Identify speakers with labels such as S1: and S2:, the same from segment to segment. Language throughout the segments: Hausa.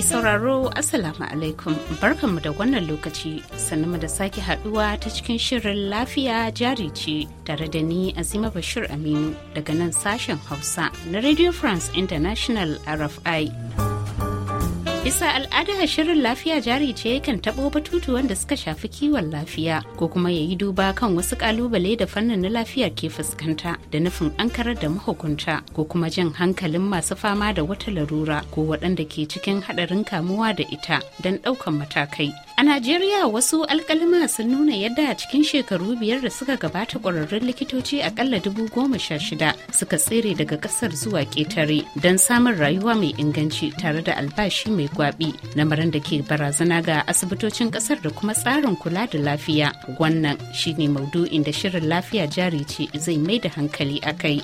S1: Mai sauraro Assalamu alaikum barkanmu da wannan lokaci sannu da sake haduwa ta cikin shirin lafiya jari ce tare da ni Azima Bashir Aminu daga nan sashen Hausa na Radio France International RFI. Bisa al'ada shirin lafiya jari ce yakan taɓo batutu wanda suka shafi kiwon lafiya ko kuma ya yi duba kan wasu ƙalubale da fannin na lafiyar ke fuskanta da nufin ankarar da mahukunta ko kuma jin hankalin masu fama da wata larura ko waɗanda ke cikin haɗarin kamuwa da ita don ɗaukan matakai. A Najeriya wasu alkalima sun nuna yadda a cikin shekaru biyar da suka gabata ƙwararrun likitoci akalla dubu goma sha shida suka tsere daga ƙasar zuwa ƙetare don samun rayuwa mai inganci tare da albashi mai gwabi lamarin da ke barazana ga asibitocin ƙasar da kuma tsarin kula da lafiya. Wannan shine maudu'in da shirin lafiya jari ce zai mai da hankali a kai.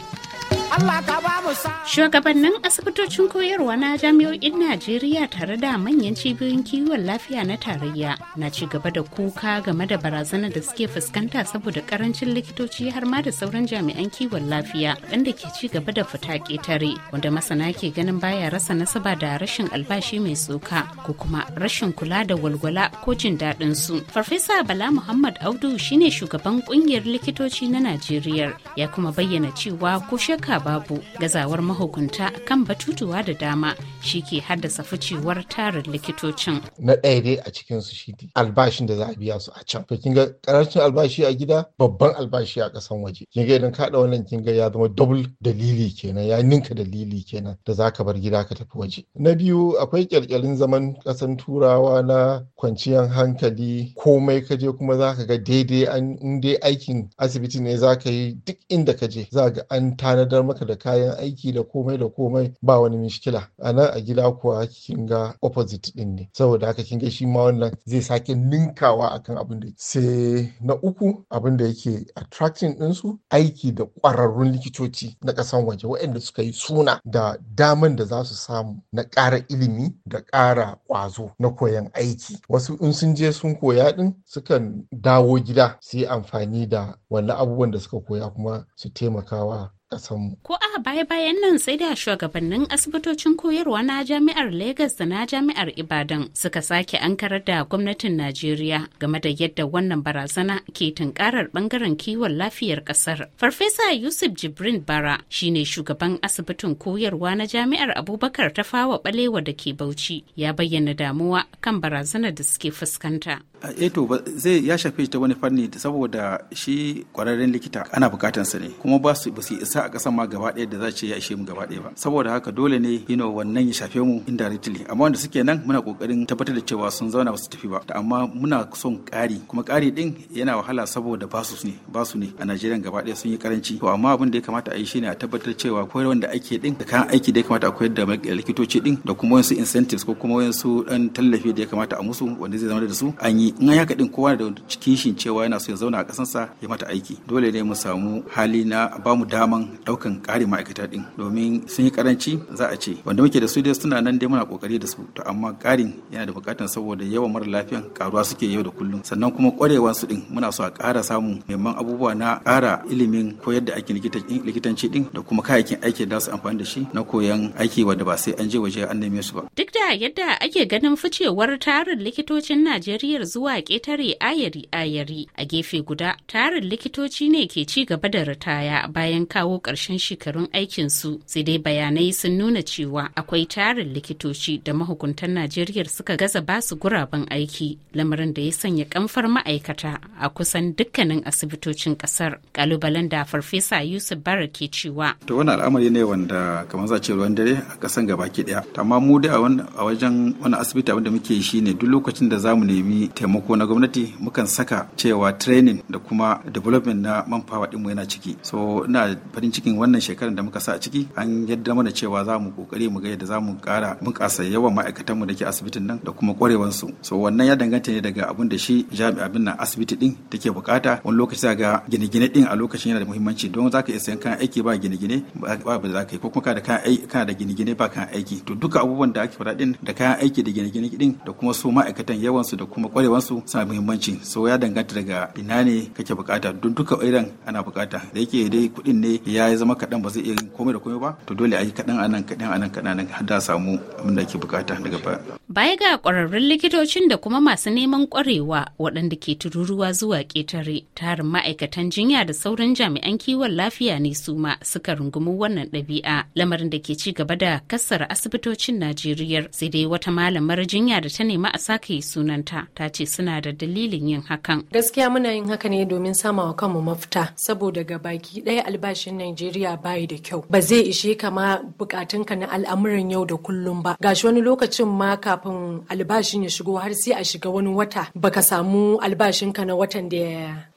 S1: Shugabannin asibitocin koyarwa na jami'o'in Najeriya tare da manyan cibiyoyin kiwon lafiya na tarayya na ci gaba da kuka game da barazanar da suke fuskanta saboda karancin likitoci har ma da sauran jami'an kiwon lafiya wanda ke ci gaba da fita ƙetare wanda masana ke ganin baya rasa nasaba da rashin albashi mai tsoka ko kuma rashin kula da walwala ko jin daɗin su. Farfesa Bala Muhammad Audu shine shugaban ƙungiyar likitoci na Najeriya ya kuma bayyana cewa ko shaka A babu gazawar mahukunta kan batutuwa da dama shi ke haddasa ficewar tarin likitocin.
S2: Na ɗaya dai a cikin su shi albashin da za a biya su a can. kin ga karancin albashi a gida babban albashi a ƙasan waje. Kin ga idan ka wannan kin ga ya zama double dalili kenan ya ninka dalili kenan da za ka bar gida ka tafi waje. Na biyu akwai kyalkyalin zaman ƙasan turawa na kwanciyar hankali komai ka je kuma za ka ga daidai an in dai aikin asibiti ne za ka yi duk inda ka je za ga an tanadar maka da kayan aiki da komai da komai ba wani mishkila a nan a gida kuwa kin ga opposite din ne saboda haka kin ga shi ma wannan zai sake ninkawa akan abin da sai na uku abin da yake attracting ɗinsu aiki da ƙwararrun likitoci na ƙasan waje waɗanda suka yi suna da daman da za su samu na ƙara ilimi da ƙara ƙwazo na koyan aiki wasu in sun je sun koya ɗin sukan dawo gida su yi amfani da wani abubuwan da suka koya kuma su taimakawa mu.
S1: Ko a baya-bayan nan sai da shugabannin asibitocin koyarwa na jami'ar Legas da na jami'ar Ibadan suka sake ankarar da gwamnatin Najeriya game da yadda wannan barazana ke tunkarar bangaren kiwon lafiyar ƙasar. Farfesa Yusuf Jibrin Bara shine shugaban asibitin koyarwa na jami'ar Abubakar ta fawa balewa da ke Bauchi ya bayyana damuwa kan barazana da suke fuskanta.
S3: Eto eh zai ya shafe ta wani fanni saboda shi kwararren likita ana bukatansa ne kuma ba su isa a kasan ma gaba ɗaya da za ce ya ishe mu gaba ɗaya ba saboda haka dole ne yino wannan ya shafe mu indirectly amma wanda suke nan muna kokarin tabbatar da cewa sun zauna ba su tafi ba amma muna son ƙari kuma ƙari din yana wahala saboda su ne basu ne a Najeriya gaba ɗaya sun yi karanci to amma abin da ya kamata a yi shine a tabbatar cewa koyar wanda ake din da kayan aiki da ya kamata a koyar da likitoci din da kuma wasu incentives ko kuma wasu dan tallafi da ya kamata a musu wanda zai zama da su an yi in haka din kowa da kishin cewa yana so ya zauna a ƙasarsa ya mata aiki dole ne mu samu hali na ba mu daman daukan ƙarin ma'aikata din domin sun yi karanci za a ce wanda muke da su dai suna nan dai muna kokari da su to amma ƙarin yana da bukatan saboda yawan mara lafiyan karuwa suke yau da kullum sannan kuma kwarewan su ɗin muna so a ƙara samun neman abubuwa na ƙara ilimin koyar da aikin likitanci din da kuma kayayyakin aiki da su amfani da shi na koyan aiki wanda ba sai an je waje an neme su ba
S1: duk da yadda ake ganin ficewar tarin likitocin Najeriya zuwa ƙetare ayari ayari a gefe guda tarin likitoci ne ke ci gaba da ritaya bayan kawo karshen ƙarshen shekarun aikinsu sai dai bayanai sun nuna cewa akwai tarin likitoci da mahukuntan najeriya suka gaza basu guraben aiki lamarin da ya sanya kamfar ma'aikata a kusan dukkanin asibitocin kasar kalubalen da farfesa yusuf bara ke cewa
S3: to wani al'amari ne wanda kamar za ce ruwan dare a kasan gabaki daya amma mu da a wajen wani asibiti abinda muke yi shine duk lokacin da zamu nemi taimako na gwamnati mukan saka cewa training da kuma development na manpower din mu yana ciki so ina farin cikin wannan shekarar da muka sa a ciki an yadda mana cewa za mu kokari mu ga yadda za mu kara bunkasa yawan ma'aikatanmu da ke asibitin nan da kuma kwarewan su so wannan ya danganta ne daga abin da shi jami'abin nan asibiti din take bukata wani lokaci za ga gine-gine din a lokacin yana da muhimmanci don za ka iya sayan kayan aiki ba gine-gine ba ba za ka yi ko kuma ka da kayan da gine-gine ba kayan aiki to duka abubuwan da ake faɗa din da kayan aiki da gine-gine din da kuma su ma'aikatan yawan su da kuma kwarewan su suna muhimmanci so ya danganta daga ina ne kake bukata don duka irin ana bukata da yake dai kuɗin ne ya zama kaɗan ba zai iya komai da komai ba to dole a yi kaɗan a nan kaɗan a nan kaɗan har da samu abin da ake bukata daga baya
S1: Baya ga ƙwararrun likitocin da kuma masu neman ƙwarewa waɗanda ke tururuwa zuwa ƙetare, tarin ma'aikatan jinya da sauran jami'an kiwon lafiya ne su ma suka rungumi wannan ɗabi'a lamarin da ke ci gaba da kassar asibitocin Najeriya sai dai wata malamar jinya da ta nema a sake sunanta ta ce suna da dalilin yin hakan. Gaskiya muna yin haka
S4: ne domin sama wa kanmu mafita saboda ga baki ɗaya albashin Najeriya bayi da kyau. Ba zai ishe ka ma bukatunka na al'amuran yau da kullum ba. Gashi wani lokacin ma kafin kafin albashin ya shigo har sai a shiga wani wata baka samu albashinka na watan da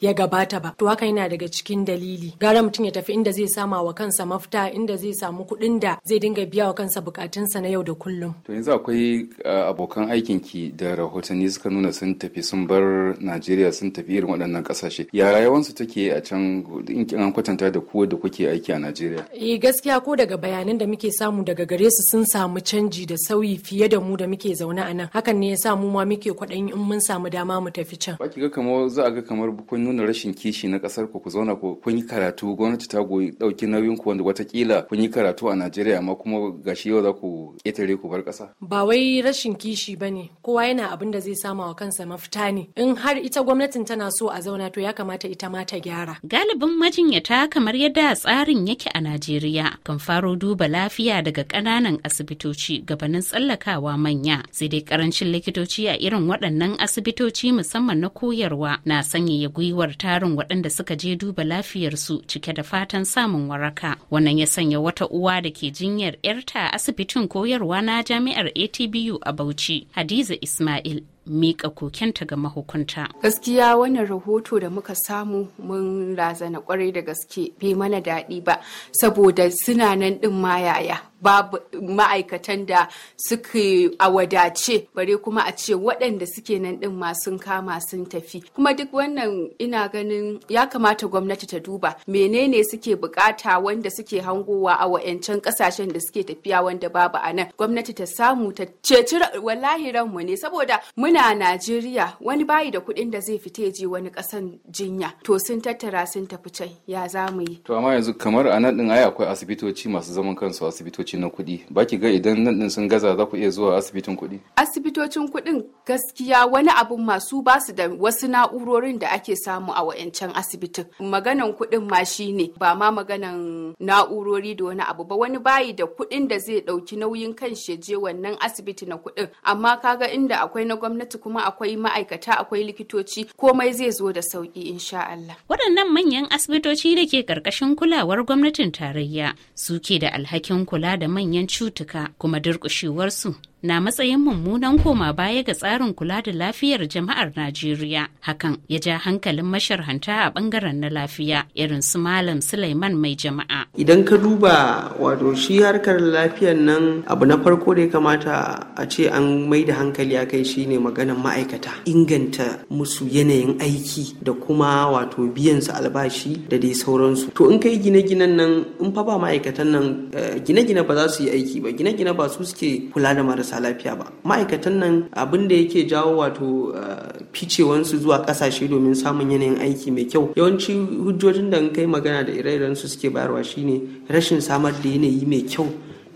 S4: ya gabata ba to haka yana daga cikin dalili gara mutum ya tafi inda zai sama wa kansa mafita inda zai samu kuɗin da zai dinga biya wa kansa bukatunsa na yau da kullum
S3: to yanzu akwai eh, abokan aikinki da rahotanni suka nuna sun tafi sun bar najeriya sun tafi irin waɗannan ƙasashe ya rayuwarsu take a can in an kwatanta da ku da kuke aiki a najeriya
S4: eh gaskiya ko daga bayanan da muke samu daga gare su sun samu canji da sauyi fiye da mu da muke zaune a nan hakan ne ya sa mu ma muke kwaɗayin in mun samu dama mu tafi can. Baki
S3: ga kamar za a ga kamar kun nuna rashin kishi na kasar ku ku zauna kun yi karatu gwamnati ta goyi ɗauki nauyin ku wanda watakila kun yi karatu a Najeriya amma kuma gashi yau za ku ƙetare ku bar ƙasa.
S4: Ba wai rashin kishi ba ne kowa yana abin da zai samu wa kansa mafita ne in har ita gwamnatin tana so a zauna to ya kamata ita ma ta gyara.
S1: Galibin majinyata kamar yadda tsarin yake a Najeriya kan faro duba lafiya daga ƙananan asibitoci gabanin tsallakawa manya. sai dai karancin likitoci a irin waɗannan asibitoci musamman na koyarwa na sanyaya gwiwar tarin waɗanda suka je duba lafiyarsu cike da fatan samun waraka wannan ya sanya wata uwa da ke jinyar 'yarta asibitin koyarwa na jami'ar atbu a bauchi hadiza ismail miƙa kokenta ga mahukunta.
S4: Gaskiya wannan rahoto da muka samu mun razana kwarai da gaske bai mana daɗi ba saboda suna nan ɗin ma yaya babu ma'aikatan da suke a wadace bare kuma a ce waɗanda suke nan ɗin ma kama sun tafi kuma duk wannan ina ganin ya kamata gwamnati ta duba menene suke bukata wanda suke hangowa a wa'yancan ƙasashen da suke tafiya wanda babu a nan gwamnati ta samu ta ceci wallahi ranmu ne saboda muna Najeriya wani bayi da kuɗin da zai fita ya je wani ƙasan jinya to sun tattara sun tafi can ya za mu yi
S3: to amma yanzu kamar a nan ɗin ai akwai asibitoci masu zaman kansu asibitoci asibitoci na kuɗi ba ki ga idan nan din sun gaza za ku iya zuwa asibitin kuɗi
S4: asibitocin kuɗin gaskiya wani abun masu ba su da wasu na'urorin da ake samu a wayancan asibitin maganan kuɗin ma ne ba ma maganan na'urori da wani abu ba wani bayi da kuɗin da zai ɗauki nauyin kan shi je wannan asibiti na kuɗin amma kaga inda akwai na gwamnati kuma akwai ma'aikata akwai likitoci komai zai zo da sauki insha Allah
S1: waɗannan manyan asibitoci da ke ƙarƙashin kulawar gwamnatin tarayya su ke da alhakin kula da manyan cutuka kuma durƙushewarsu na matsayin mummunan koma baya ga tsarin kula da lafiyar jama'ar Najeriya. Hakan ya ja hankalin masharhanta a bangaren na lafiya irin su Malam Sulaiman mai jama'a.
S5: Idan ka duba wato shi harkar lafiyar nan abu na farko da ya kamata a ce an mai da hankali a kai shine maganan ma'aikata inganta musu yanayin aiki da kuma wato biyan su albashi da dai sauransu. To in kai gine-ginen nan in fa ba ma'aikatan nan eh, gine-gine ba za su yi aiki ba gine-gine ba su suke kula da marasa marasa lafiya ba ma'aikatan nan abin da yake jawo wato eh, ficewansu zuwa kasashe domin samun yanayin aiki mai kyau yawanci hujjojin da kai magana da ire-iren su suke bayarwa shine rashin samar da yanayi mai kyau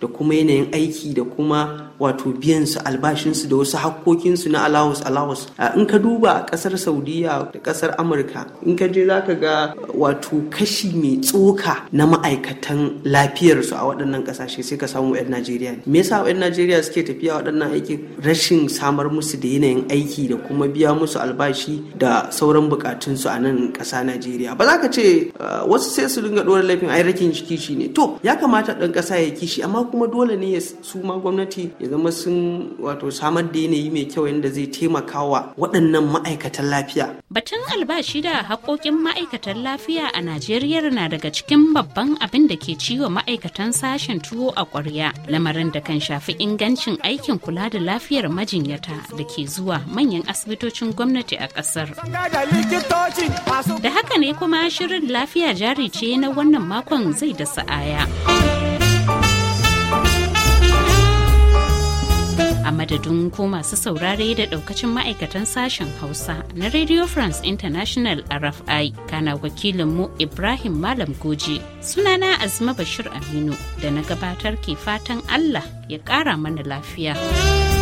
S5: da kuma yanayin aiki da kuma wato biyansu, albashinsu da wasu hakkokinsu na allowance allowance in ka duba kasar saudiya da kasar amurka in ka je za ka ga wato kashi mai tsoka na ma'aikatan lafiyarsu a waɗannan kasashe sai ka samu 'yan najeriya me yasa 'yan najeriya suke tafiya waɗannan aikin rashin samar musu da yanayin aiki da kuma biya musu albashi da sauran bukatunsu a nan ƙasa najeriya ba za ka ce wasu sai su dinga ɗora laifin ai rakin kishi ne to ya kamata ɗan ƙasa ya kishi amma kuma dole ne su ma gwamnati ya zama sun wato samar da yanayi mai kyau yadda zai taimaka wa waɗannan ma'aikatan lafiya.
S1: Batun albashi da haƙoƙin ma'aikatan lafiya a Najeriya na daga cikin babban abin da ke ciwo ma'aikatan sashen tuwo a ƙwarya, lamarin da kan shafi ingancin aikin kula da lafiyar majinyata da ke zuwa manyan asibitocin gwamnati a ƙasar. Da haka ne kuma shirin lafiya jari ce na wannan makon zai da sa'aya. madadin ko masu saurare da daukacin ma'aikatan sashen Hausa na Radio France International RFI kana wakilinmu Ibrahim Malam Goje. Sunana Azma Bashir Aminu da na gabatar ke fatan Allah ya kara mana lafiya.